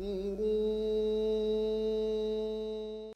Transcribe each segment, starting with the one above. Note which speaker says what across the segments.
Speaker 1: يَشْكُرُونَ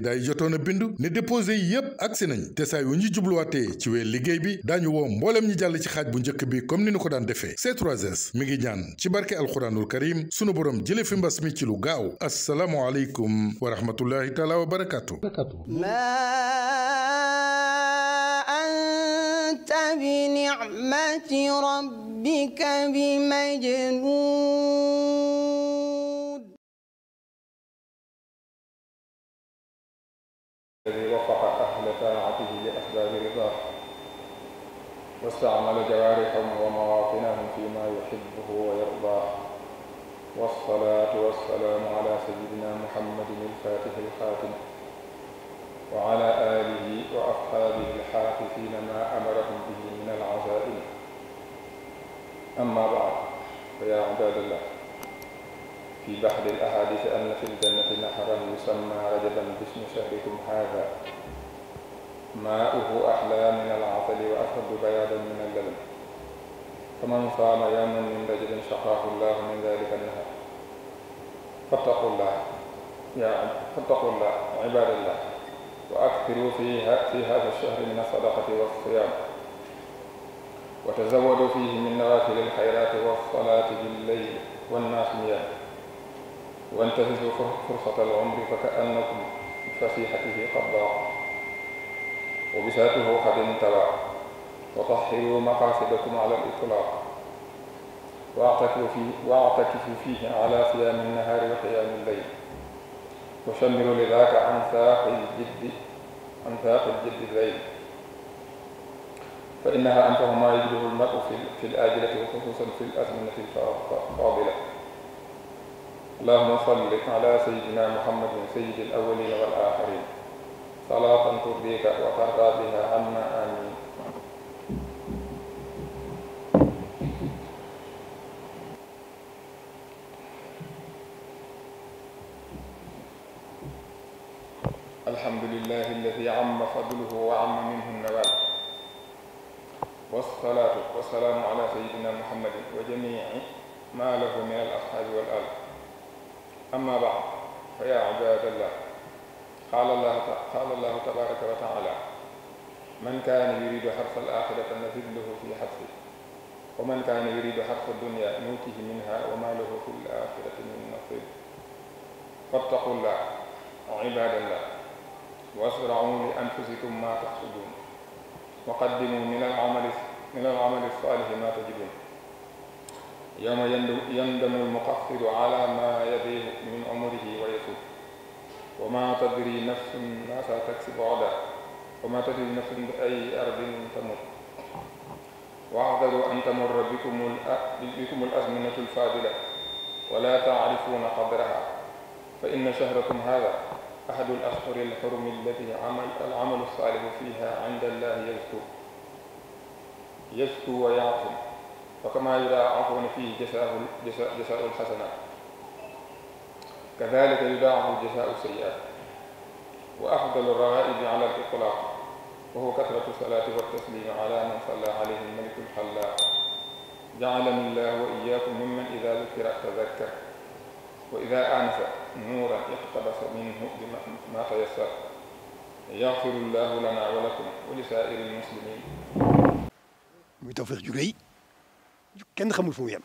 Speaker 2: candidat yi jotoon a bindu ne déposé yépp agsi nañ te saa ñu jubluwaatee ci weer liggéey bi daañu woo mbooleem ñi jàll ci xaaj bu njëkk bi comme ni ñu ko daan defee C3S mi ngi ñaan ci barke alxuraanul karim sunu borom jële fi mbas mi ci lu gaaw assalaamu aleykum wa rahmatullahi wa barakaatu anta
Speaker 3: bi ni'mati
Speaker 2: rabbika bi majnun واستعمل
Speaker 3: جوارحهم ومواطنهم فيما يحبه ويرضاه والصلاة والسلام على سيدنا محمد الفاتح الخاتم وعلى آله وأصحابه الحافظين ما أمرهم به من العزائم أما بعد فيا عباد الله في بحر الأحاديث أن في الجنة نهرا يسمى رجبا باسم شهركم هذا maa'uhu ahlaa min al-'asali wa ashaddu bayaadan min al-laban faman saama yawman min rajabin shaqaahu llaahu min dhaalika an-nahar fattaqu llaah yaa fattaqu llaah ibaadallaah wa akthiruu fiihaa fii haadha ash-shahri min as-sadaqati was-siyaam wa tazawwaduu fiihi min nawaafili al-khayraati was-salaati bil-layli wan-naasi niyaam wantahizuu fursata al-'umri fa ka'annakum bi fasiihatihi qad daaqat وبساته قد انتبع وطهروا مقاصدكم على الإطلاق واعتكفوا فيه, واعتكفوا فيه على صيام النهار وقيام الليل وشمروا لذاك عن ساق الجد عن ساق الجد الليل فإنها أنفه ما يجده المرء في الآجلة وخصوصا في الأزمنة الفاضلة اللهم صل على سيدنا محمد سيد الأولين والآخرين صلاة ترضيك وترضى بها عنا آمين الحمد لله الذي عم فضله وعم منه النوال والصلاة والسلام على سيدنا محمد وجميع ما له من الأصحاب والآل أما بعد فيا عباد الله qaala allahu tabaraka wa taala man kaana yuridu xarfa alaaxirata nazid lahu fi xarfi wa man kaana yuridu xarfa dunya nuutihi minha wa ma lahu fi alaaxirati min nasib fattaqu llah ibadallah wa asracu li anfusikum ma taxsudun wa qaddimu min alamali من العمل الصالح ما تجدون يوم يندم المقصر على ما يديه من عمره wa ma tadri nafsun ma sa taksibu ghadan wa ma tadri nafsun bi ay ardin tamut واحذروا أن تمر بكم بكم الأزمنة الفاضلة ولا تعرفون قدرها فإن شهركم هذا أحد الأشهر الحرم الذي عمل العمل الصالح فيها عند الله يزكو يزكو ويعصم فكما يضاعفون فيه جزاء جزاء الحسنات kadalika yudaamu jazaau sayiat wa afdalu rawaaibi ala al itlaq wa huwa kasratu salaati wa taslimi ala man salla alayhi almaliku alxallaaq jaalani llah wa iyakum mimman ida dukira tadakkar wa ida anasa nuuran iqtabasa minhu bima tayassar
Speaker 1: yaxfiru llahu lana wa lakum wa li saairi almuslimin muy tawfeex ju rëy kenn xamul fu mu yem